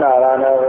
muna ranar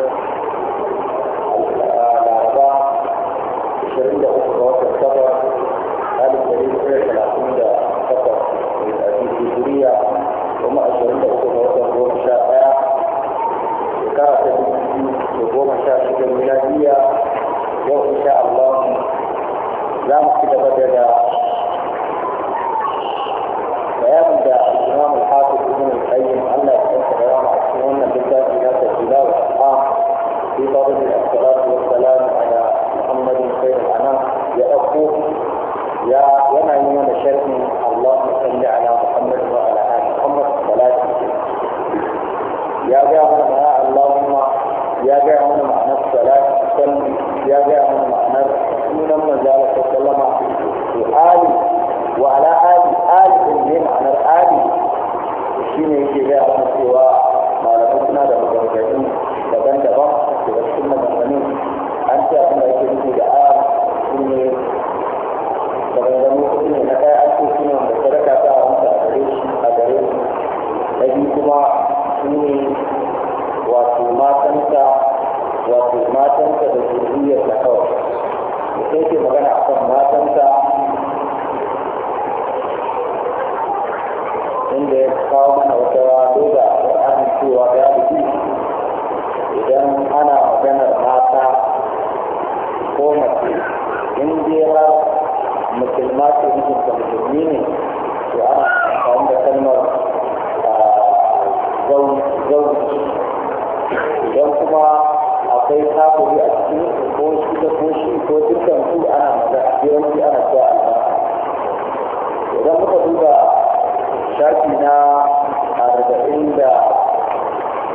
وعلى آل آل من على الآل الشيء يجي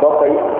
bakwai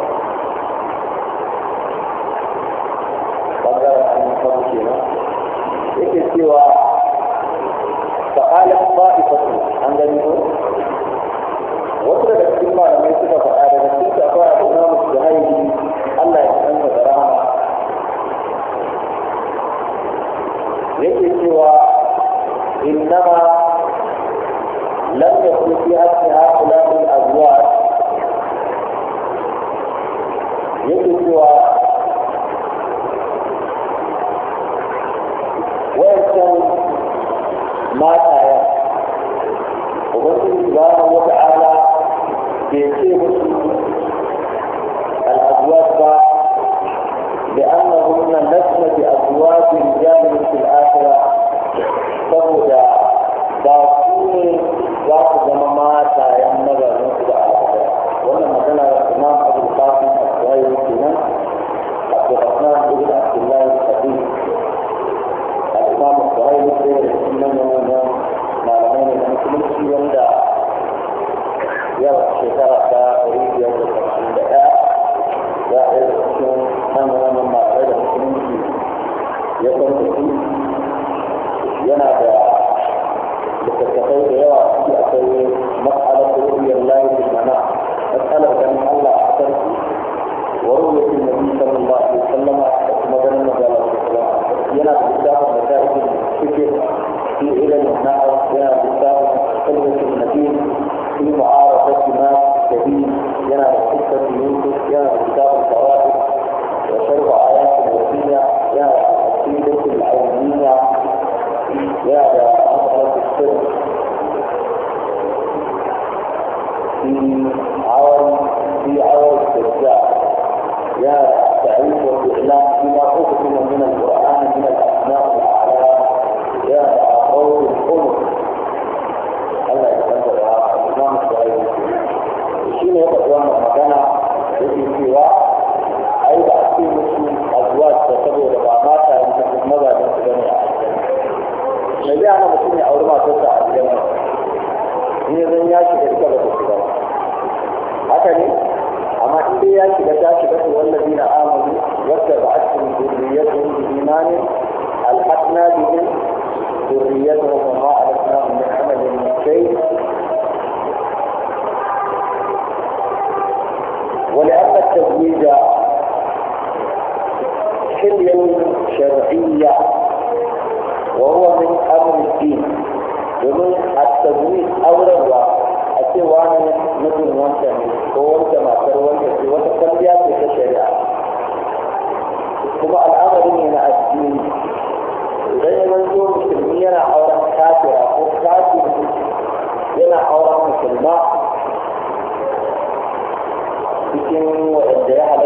cikin waɗanda ya halatta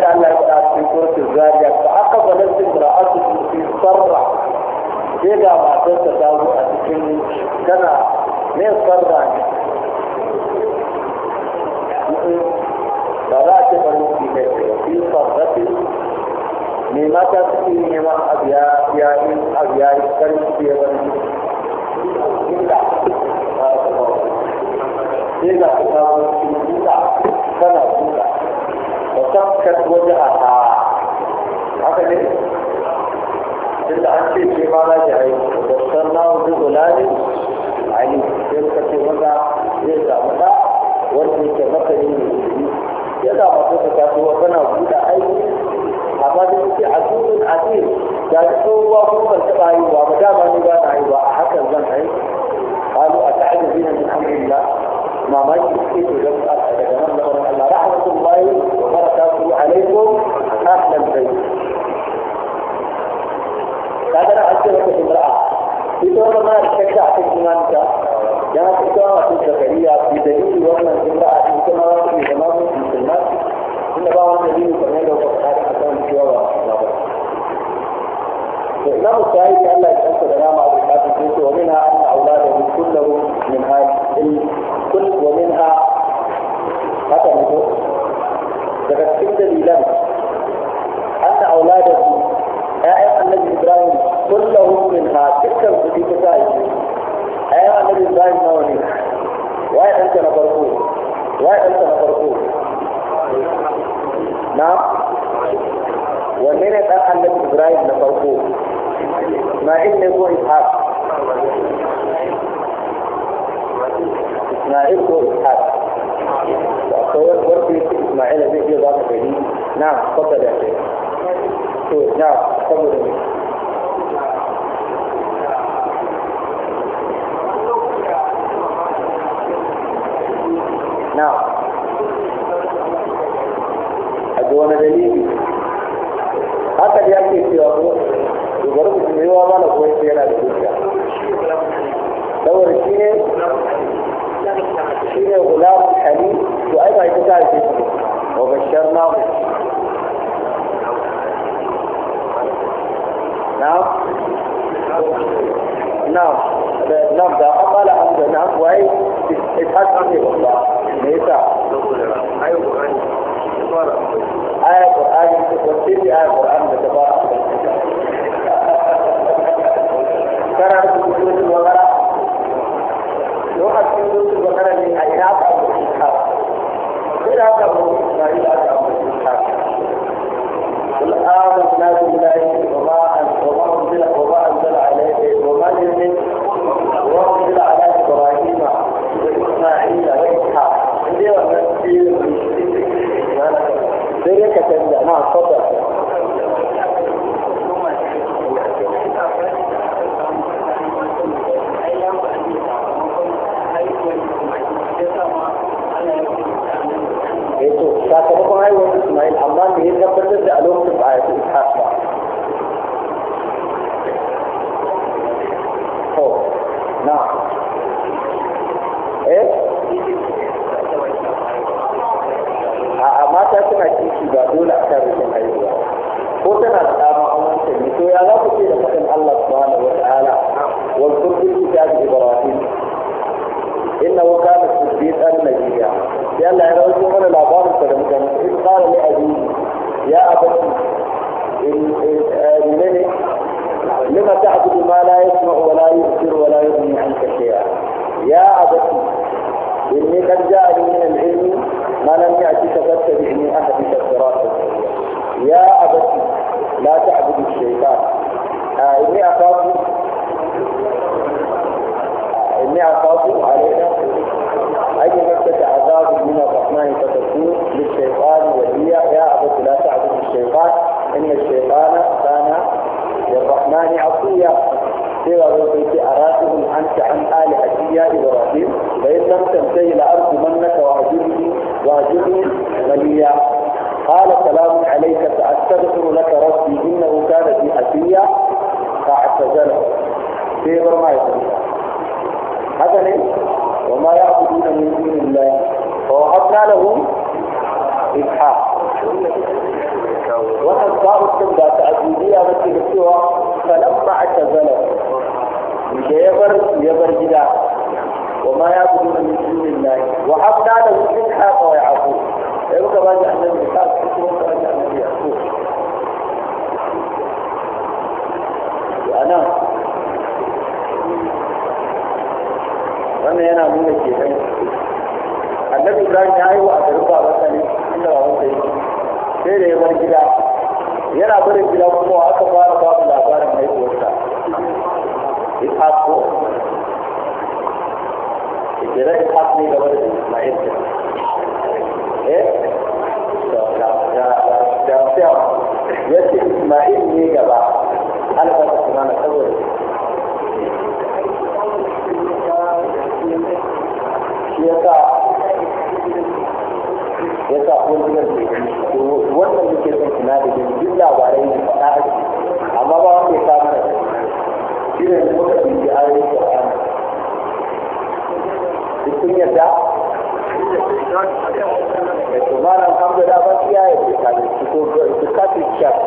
kamar da Allah ya faɗa cikin suratul zariyat fa aka balanta جيدا fi sarra sai ga matar ta ta a cikin tana ne sarra ne ba za a ce bari su ne جيدا جيدا جيدا جيدا جيدا جيدا abu ya yi abu ya yi karfi ya wani inda sai ga ta samu cikin inda tana tabbatar tabbat wajhaka haka ne duk da an ce ce ma na ji aiki da sannan zuwa lalin ali sai suka ce wanda zai samu da wanda yake masani ne ya za da masu ta kasuwa tana buɗe aiki amma da suke a tunin asir da ta tsohuwa kuma ban taɓa haihuwa ba ba ni ba na haihuwa a hakan zan haihu قالوا أتعجبين من أمر الله ما ماشي da يجب lokacin da a ita wata mara cikakka a cikin manta ya na cikin kawo masu zakariya bi da yin wannan jin da a cikin kuma za su yi zama su musulma inda ba wani dalili kan yadda wata tsari a kan cewa ba su zaba. to ina mu ta yi ta Allah ya kanta da nama a cikin kasance to wani na waye ɗansa na farko na wanne ne ɗan annabi ibrahim na farko Na ne ko ishaq isma'il ko ishaq akwai wanda yake isma'il zai iya ba ka gari na kwata da ke to na saboda ne Allah يا أبتي لا تعبد الشيطان آه إني أخاف آه إني أخاف علينا أي يمسك عذاب من الرحمن فتكون للشيطان وليا يا أبتي لا تعبد الشيطان إن الشيطان كان للرحمن عصيا سوى ربك أراتهم أنت عن آل يا إبراهيم فإن لم تنتهي منك وأهجرني وأهجرني مليا قال سلام عليك أستغفر لك ربي إنه كان في أتيا فاعتزله في ما يقول هذا ليس وما يعبدون من دون الله فوهبنا له إسحاق وقد صاروا السبدة تعزيزيه التي بسوها فلما اعتزله يبر يبر جدا وما يعبدون من دون الله وهبنا له إسحاق ويعقوب يبقى ما جعلنا من إسحاق nan wannan yana nuna ke nan annabi ibrahim ya wa a garin babansa ne inda babansa yi sai da ya bar gida yana barin gida kuma aka fara babu labarin haihuwarsa ishaq ko kira ishaq ne gaba da ismail eh da da ya ce ismail ne gaba mana saboda shi ya sa ya sa kuntunan wannan muke son sinadarin duk labarai ne faɗa ake amma ba wanda ya samu da shi ne da muka ɗauki ayoyin ƙwararren duk kun yadda, eh, mai tumaran hamdala ba su yaya su kafin su kafin shafi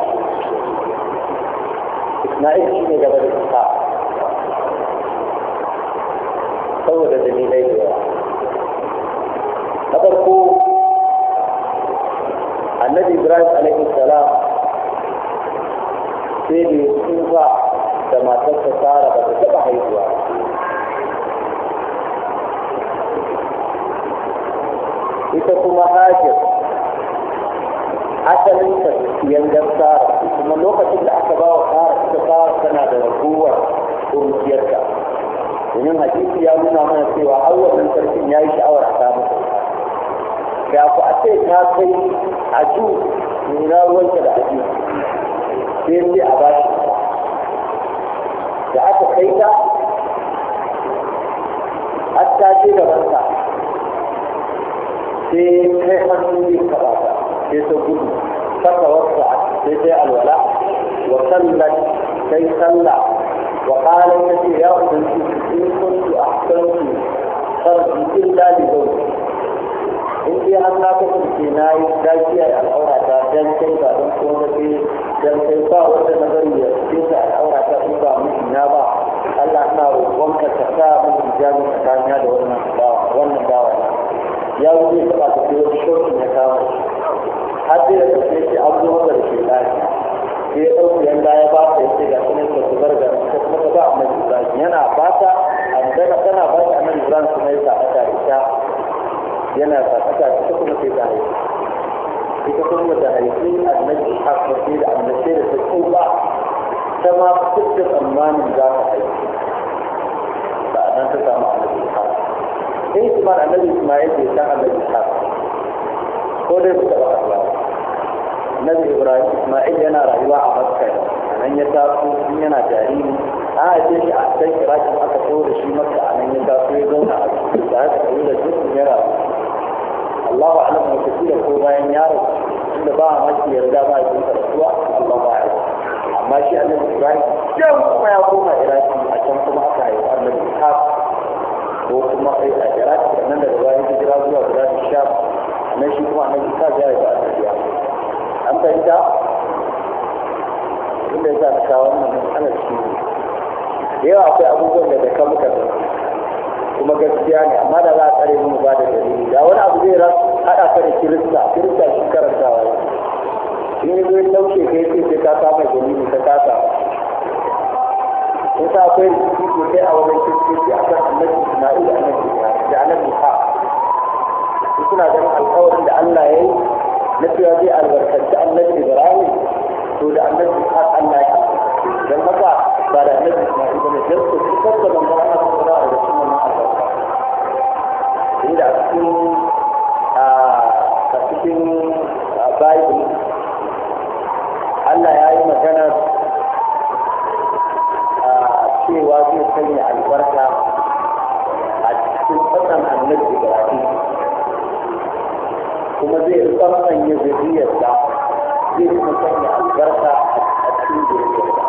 ما يجي من جبل الصحاء آه. صورة دليلية أتركوا النبي إبراهيم عليه السلام سيدي يسوع كما تستطار بسبع يسوع إتكو مهاجر حتى لنسك ينجم سارة ثم لوقت اللي أحسبه tana da ko ƙungiyarta domin hadisi ya nuna mana cewa har wannan sarkin ya yi sha'awar a samu da ku a ce ta kai a ju nuna ruwanka da aji sai sai a bashi da aka kai ta har ta ce gabanta sai kai hannun yin kaɓata sai ta gudu fata wasu sai sai alwala wa sallan kai sallah wa ta ce ya ubangi in kuntu ahsantu farji illa li zawji in dai har na kasance na yi dakiya da al'aurata dan kai ba dan ko da ke dan kai ba wata nazari ya ce al'aurata in ba miji na ba Allah ina roƙonka ka sa mun hijabi tsakanina da wannan dawa wannan dawa ya wuce ta tana farfata ita kuma sai ta haifi ita kuma da haifi annabi nan ba sai da annabi da ta tsufa ta ma duk da tsammanin za ta a nan ta samu annabi ishaq sai ismar annabi ismail a san annabi ishaq ko dai su taɓa a annabi ibrahim ismail yana rayuwa a makka a nan ya taso yana jariri a ce shi a kan iraki aka so da shi makka a nan ya taso ya zauna a cikin da aka yi da duk yana Allah wa alam wata kila ko bayan yaro inda ba a maki yarda ba a yi karatuwa Allah ba a amma shi annabi Ibrahim jan kuma ya koma Iraki a can kuma aka yi wannan Ishaq ko kuma kai a Iraki nan daga bayan hijira zuwa Iraki sha na shi kuma annabi Ishaq ya haifi annabi an fahimta inda ya sa ta kawo wannan matsalar shi da yawa akwai abubuwan da da ka muka zama kuma gaskiya ne amma da za a tsare mu ba da dalili da wani abu zai rasu hada ka da kirista kirista shi karanta ne in yi zai ɗauke ka yake sai ka samu dalili ka kasa in ta akwai rikici sosai a wajen kirkirki a kan annabi isma'il annabi da annabi ha su suna ganin alƙawarin da allah ya yi na cewa zai albarkaci annabi ibrahim to da annabi ha allah ya don haka ba da annabi isma'il ba ne don su kasance manzon allah a alaihi inda a cikin a cikin bible Allah ya yi magana cewa zai sanya albarka a cikin tsakan annabi Ibrahim kuma zai tsakan ya zuriyarsa zai kuma sanya albarka a cikin zuriyarsa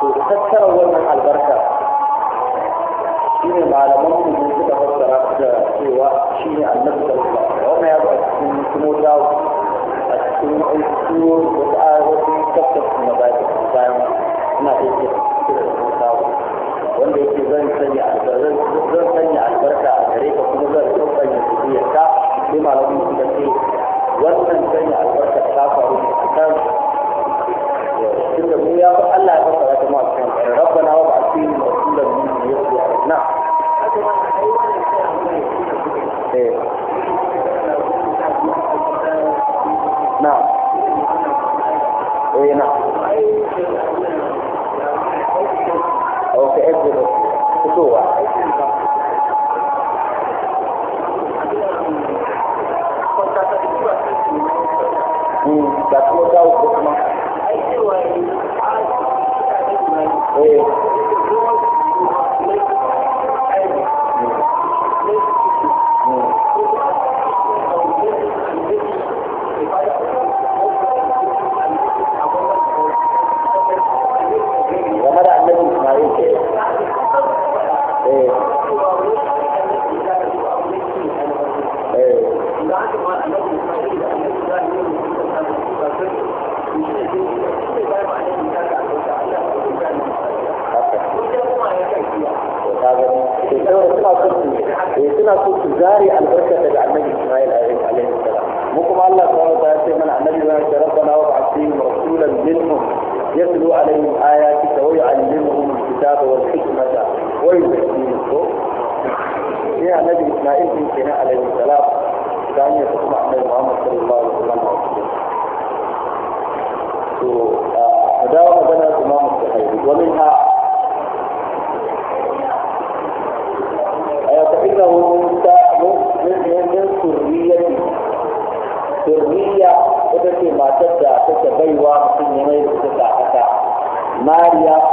to tattara wannan albarka shi ne malaman mu suka fassara da cewa shi ne annabi sallallahu alaihi wasallam wannan ya zo a cikin sunota a cikin aiki wasu ayoyi tabbata na bayan ina aiki da sunota wanda yake zan sanya albarka a gare ka kuma zan tsotsanya ta sai malamin suka ce wannan sanya albarka ta faru a kan tunda mu ya fi Allah mariya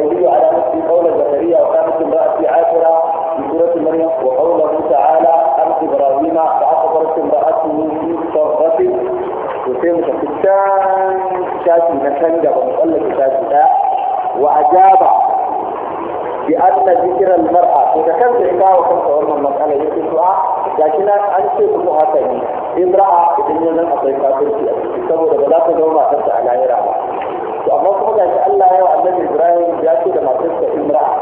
يدل على نفس قول زكريا وكانت امرأتي عاشرة في سورة مريم وقوله تعالى أن إبراهيم فأخبرت امرأته من شرفة وسيم كتان شاشي نكان جاب مقلة شاشي وأجاب بأن ذكر المرأة كان ذكرها وكان تقول من مسألة يكتبها لكن أنت مهتم يعني امرأة إذن ينن أطيقاتك في ba za ta zama matarsa a lahira ba to amma kuma gashi Allah ya من إبراهيم جاءت لما تلك إمرأة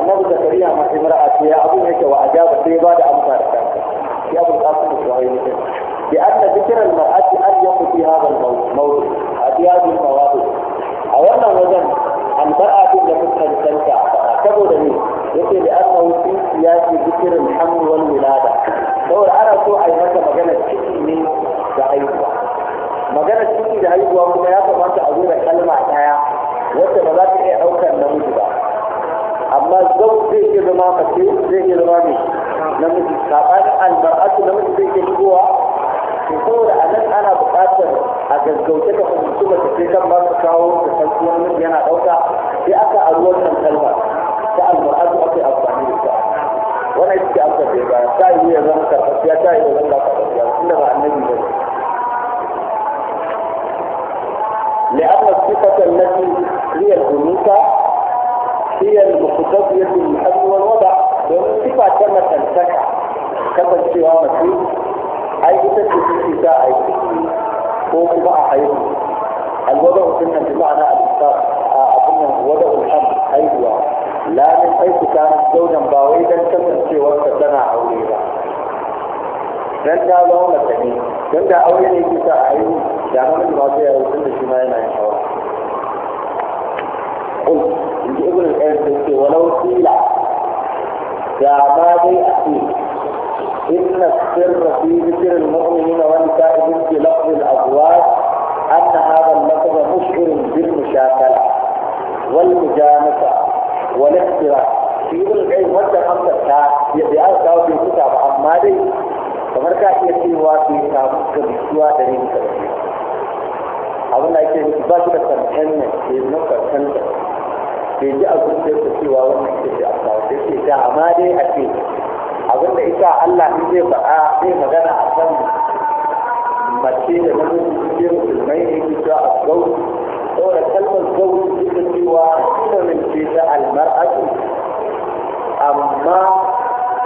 النبي زكريا مع إمرأة يا أبو هيك وأجاب سيبا لأبو فارس يا أبو القاسم إبراهيم لأن ذكر المرأة أليق في هذا الموضوع هذه هذه المواضع أولا وزن ان لم تكن تلك أعطاء كبر لي لأنه في سياسي ذكر الحمل والولاء zai iya zama ne namiji saɓanin namiji zai iya shigowa saboda a nan ana buƙatar a gaggauce ka fahimci mace kan ba su kawo da sarki wani yana ɗauka sai aka a ruwan nan kalma ta aka yi amfani da ita wannan ita ce amsar da ta yi ya zama karfafiya ta yi ya zama حيض الوضع ضمن بمعنى الاسفار آه، اظن وضع الحمد حيض لا من حيث كان زوجا بارودا في وقت سنة او لانها من جاء له مثلي من جاء اولي كيف اعيد كان من الواقع يوصل لشماء ما يشعر قلت ابن الان تنسي ولو سيلا يا عبادي اخي ان السر في ذكر المؤمنين والنساء في لفظ ya da aka kawo bai kusa ba amma dai kamar ka iya cewa bai samu gamsuwa da ne ka abin da ake yi ba shi da kankan ne bai nuna kankan da bai ji a zuciyarsa cewa wannan ke da aka da ke da amma dai a ce abin da ita Allah in zai faɗa zai magana a kan mace da namiji cikin musulmai ne ke cewa a gauri saboda kalmar gauri duk da suna sunanin ce ta almar'atu amma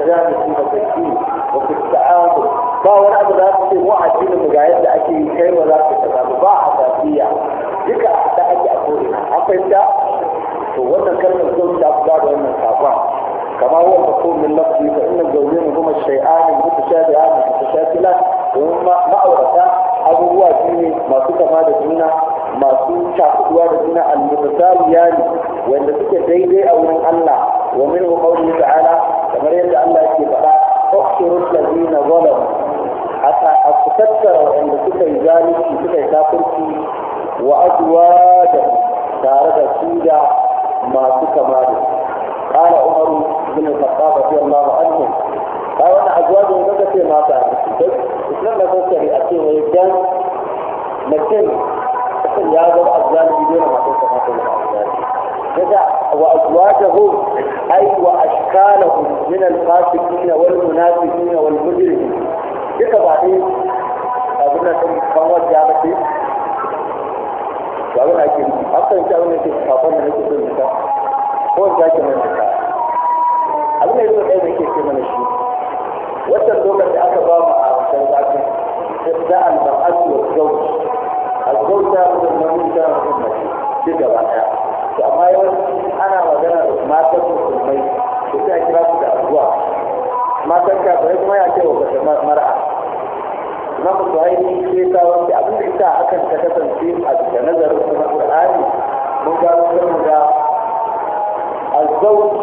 التجانس في التكتيك وفي التعاطف فهو لا بد أن يكون واحد من المجاهدة أكي يكي ولا تتعامل باحة فيها لك أحد أحد أقولنا حتى إنت هو أن كلمة كل كما هو المقول من لفظي فإن الجولين هم الشيئان المتشابهان المتشابهان وهم ما أورثان أبو هو أجيني ما تكتب ما دمينا ما تكتب شاكتوا دمينا المتساويان وإن تكتب ديدي أو من الله ومنه قوله تعالى kamar yadda Allah yake faɗa ukhsiru allazina zalamu hatta aku tattara wanda suka yi zalunci suka yi kafirci wa azwaja tare da su da masu kama da قال عمر بن الخطاب رضي الله عنه قال أنا أزواجه نكتة ما تعرف بس إسلام نكتة لأتي ويجان لكن ya zama azzalimi dole masu kama da azzalimi كذا وأزواجه أي وأشكاله من الفاسقين والمنافقين والمجرمين كيف بعدين أظن أنكم قوات جابتي وأظن أكيد حتى إن شاء الله أنكم من أجل النساء هو ذاك من النساء أظن أنكم أيضا كيف من الشيء وتردوك في أكبر مع سيداتي إبداء المرأة والزوج الزوجة من المنزل كان في المسيح كيف بعدين to amma yau ana magana da matan musulmai da suna kira su da abuwa matan bai kuma ya ce wa kashe mara'a na musulmai sai ta wanda abin da ita hakan ta kasance a da nazarin kuma qur'ani mun ga kan da azzawj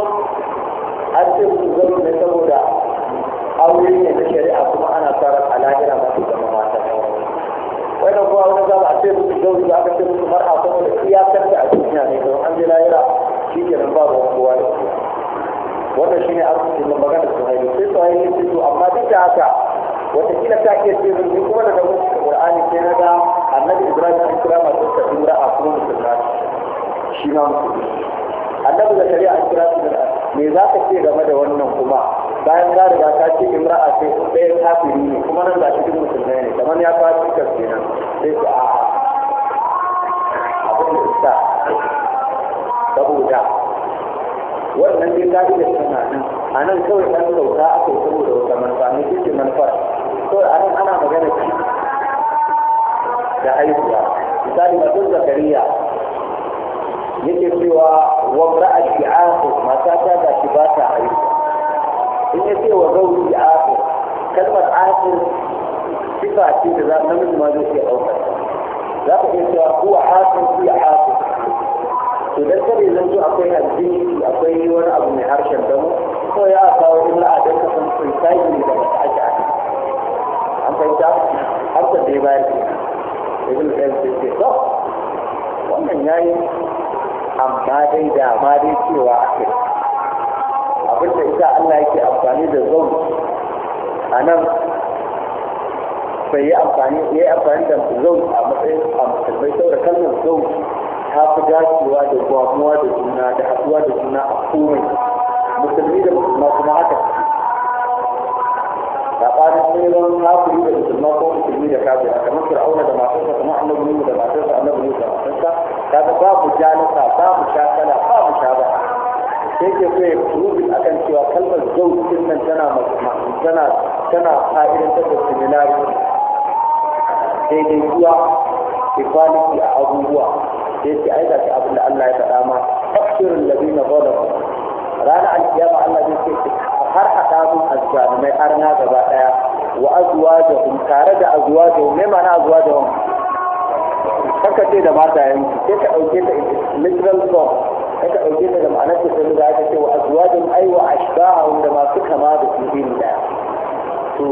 an ce mutum zama ne saboda aure ne na shari'a kuma ana tsarar alaƙira masu zama wani kuma wani za a ce musu gauzi aka ce musu mar'a saboda iyakar da a duniya ne don an jira yana shi ke nan babu wani kowa da wannan shine arzikin da magana su haihu sai su haihu sai su amma duk da haka watakila ta ke ce zurfi kuma da daga qur'ani sai na ga annabi ibrahim alaihi salam a tsaka dura a kuma musulma shi annabi zakariya alaihi salam me za ka ce game da wannan kuma bayan ka riga ta ce imra'a ce ɗaya kafiri ne kuma nan ga cikin musulmai ne kamar ya fa cikas nan sai su a abin da sa saboda wannan ne ta iya suna nan a nan kawai ɗan sauka a kai saboda wata manufa ne cikin manufar to a nan ana magana ci da haihuwa misali mutum zakariya yake cewa wa ra'ati aqu mata ta ga shi ba ta haihuwa in ya ce wa zauri da afir kalmar afir sifa ce da za namiji ma zai iya ɗaukar za ku iya cewa kuwa su ya hafin to dan kare zan zo akwai addini akwai wani abu mai harshen damu ko ya kawo illa a dan sun sai ne da wata ake ake an fahimta harkar da ya bayar ke ibn qayyim sai ce to wannan yayi amma dai da ma dai cewa akai abin da isa Allah yake amfani da zau a nan bai yi amfani ya yi amfani da zau a matsayin a musulmai saboda kalmar zau ta fi dacewa da gwamuwa da juna da haɗuwa da juna a komai musulmi da musulma kuma haka saɓanin neman kafiri da musulma ko musulmi da kafiri a kamar fir'auna da matarsa kamar annabi da matarsa annabi da matarsa kaga babu jalisa babu shakala sai ke so ya a kan cewa kalmar zau din nan tana tana tana fa'idan ta similar daidai kuwa equality a abubuwa sai ce ai ta abin da Allah ya faɗa ma tafsirul ladina zalamu ranar alkiyama Allah zai ce har a mun azzalimai har na gaba ɗaya wa azwajahum tare da azwajahum me ma'ana azwajahum kaka ce da matayen sai ka ɗauke ta literal form ka ɗauke ta da ma'anar ta sanu da aka ce wa azwajin ai wa ashba'ahum da masu kama da su iri ɗaya to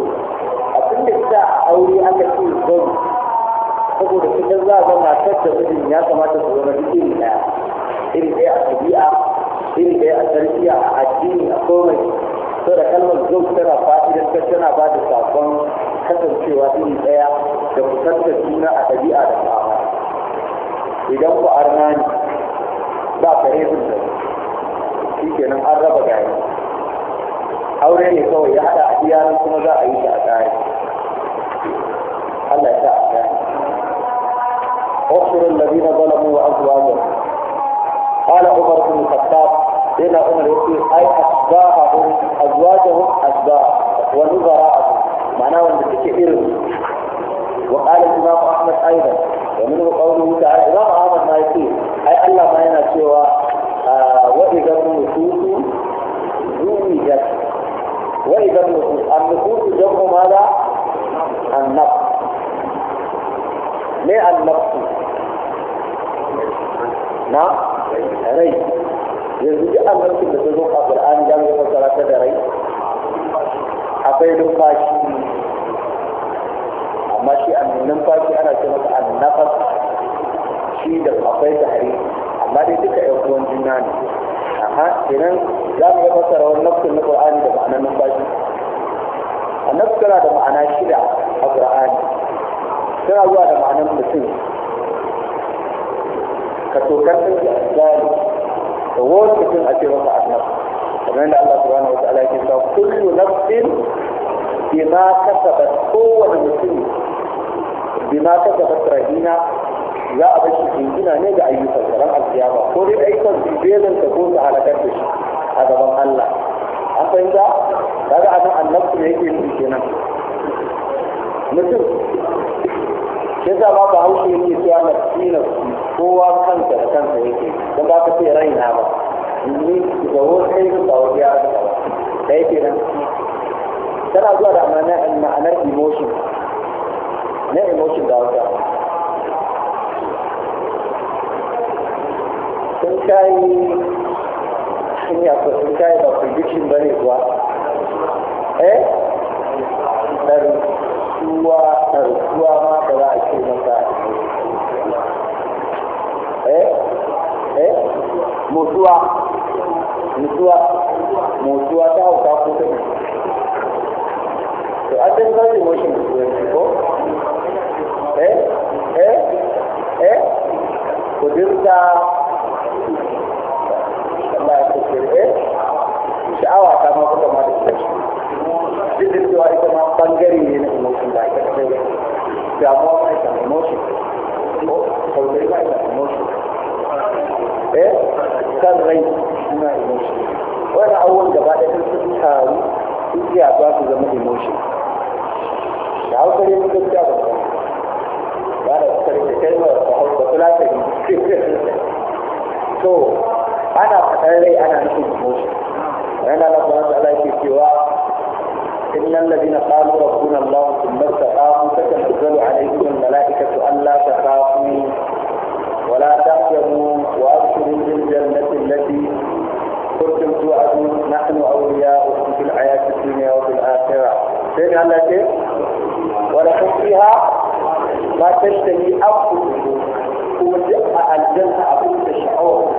abin da ta aure aka ce zan saboda kidan za ga matar da mijin ya kamata su zama duk iri ɗaya iri ɗaya a ɗabi'a iri ɗaya a tarbiyya a addini a komai da kalmar zau tana fa'idan ta tana ba da sakon kasancewa iri ɗaya da kusantar juna a ɗabi'a da fama idan ku arna ne ba kare zurda shi kenan an raba gari aure ne kawai ya haɗa a iyalan kuma za a الذين ظلموا وازواجهم قال عمر بن الخطاب الى عمر يقول اي اشباههم ازواجهم اشباه ونظراءهم معناه ان تكفر وقال الامام احمد ايضا ومنه قوله تعالى امام احمد ما يقول Allah ma yana cewa ah, wa'idan nufusu zuwijat wa'idan nufusu an nufusu jam'u mala annab ne annabsu na rai yanzu na su da ta zo a ƙar'an jan mu fassara ta da rai akwai numfashi amma shi an numfashi ana ce masa annafas shi da akwai tare amma dai duka yan uwan juna ne aha kenan za mu ga fasara wani nafsin na qur'ani da ma'anar numfashi A tana da ma'ana shida a qur'ani tana zuwa da ma'anar mutum ka tokar da a tsari, da wani mutum a ce masa annabi kamar yadda Allah subhanahu wa ta'ala yake cewa kullu nafsin bima kasabat kowane mutum bima kasabat rahina za a bashi jingina ne ga ayyukan ran alkiyama ko dai ayyukan su bezan ta ko su halakar da shi a gaban Allah an fahimta kaga abin annabtu ne yake shi kenan mutum yasa ma ba haushe yake cewa nafsi nafsi kowa kansa da kansa yake don ba ka ce raina ba ni da wani ayyukan ba wani ya ba da yake nan tana zuwa da ma'anar emotion na emotion da wata sun kayi sun yi akwai sun kayi ba prediction ba ne kuwa eh ɗarsuwa ɗarsuwa ma da za a ce masa eh eh mutuwa mutuwa mutuwa ta hauka ko ta ne to an dai zai washin ko eh eh eh kudurta tafiya za su zama emotion da hausa ne muka ci abin ba da karfe kalmar da hausa fulatari So, ana fadar rai ana nufin emotion yana na kuma ta alaƙi cewa إن الذين قالوا ربنا الله ثم استقاموا فتنزل عليهم الملائكة ألا تخافوا ولا تحزنوا وأبشروا بالجنة التي كنتم توعدون نحن أولياؤكم في الحياة الدنيا وفي الآخرة فين قال لك ولكن فيها ما تشتهي أنفسكم وجاء الجنة أبوك الشعور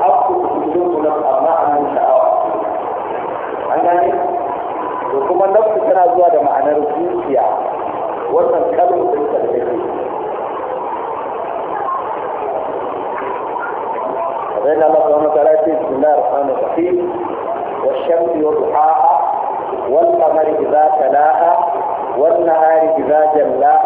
أنفسكم جنة لم ما من شعور أنا وكما نفسك كان أزواج معنى رسول فيها وصل كلمة التدريب فإن الله سبحانه وتعالى بسم الله الرحمن الرحيم والشمس وضحاها والقمر إذا تلاها والنهار إذا جلاها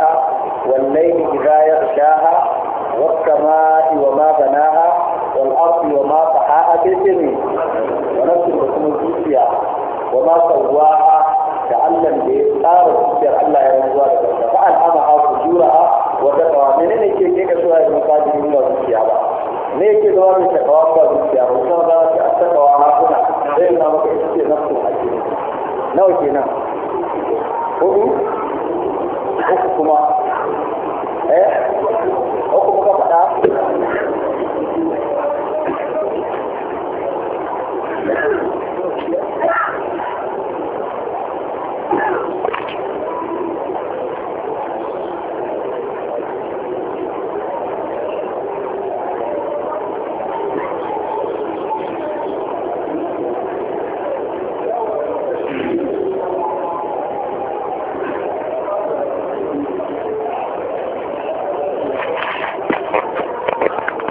nawa kenan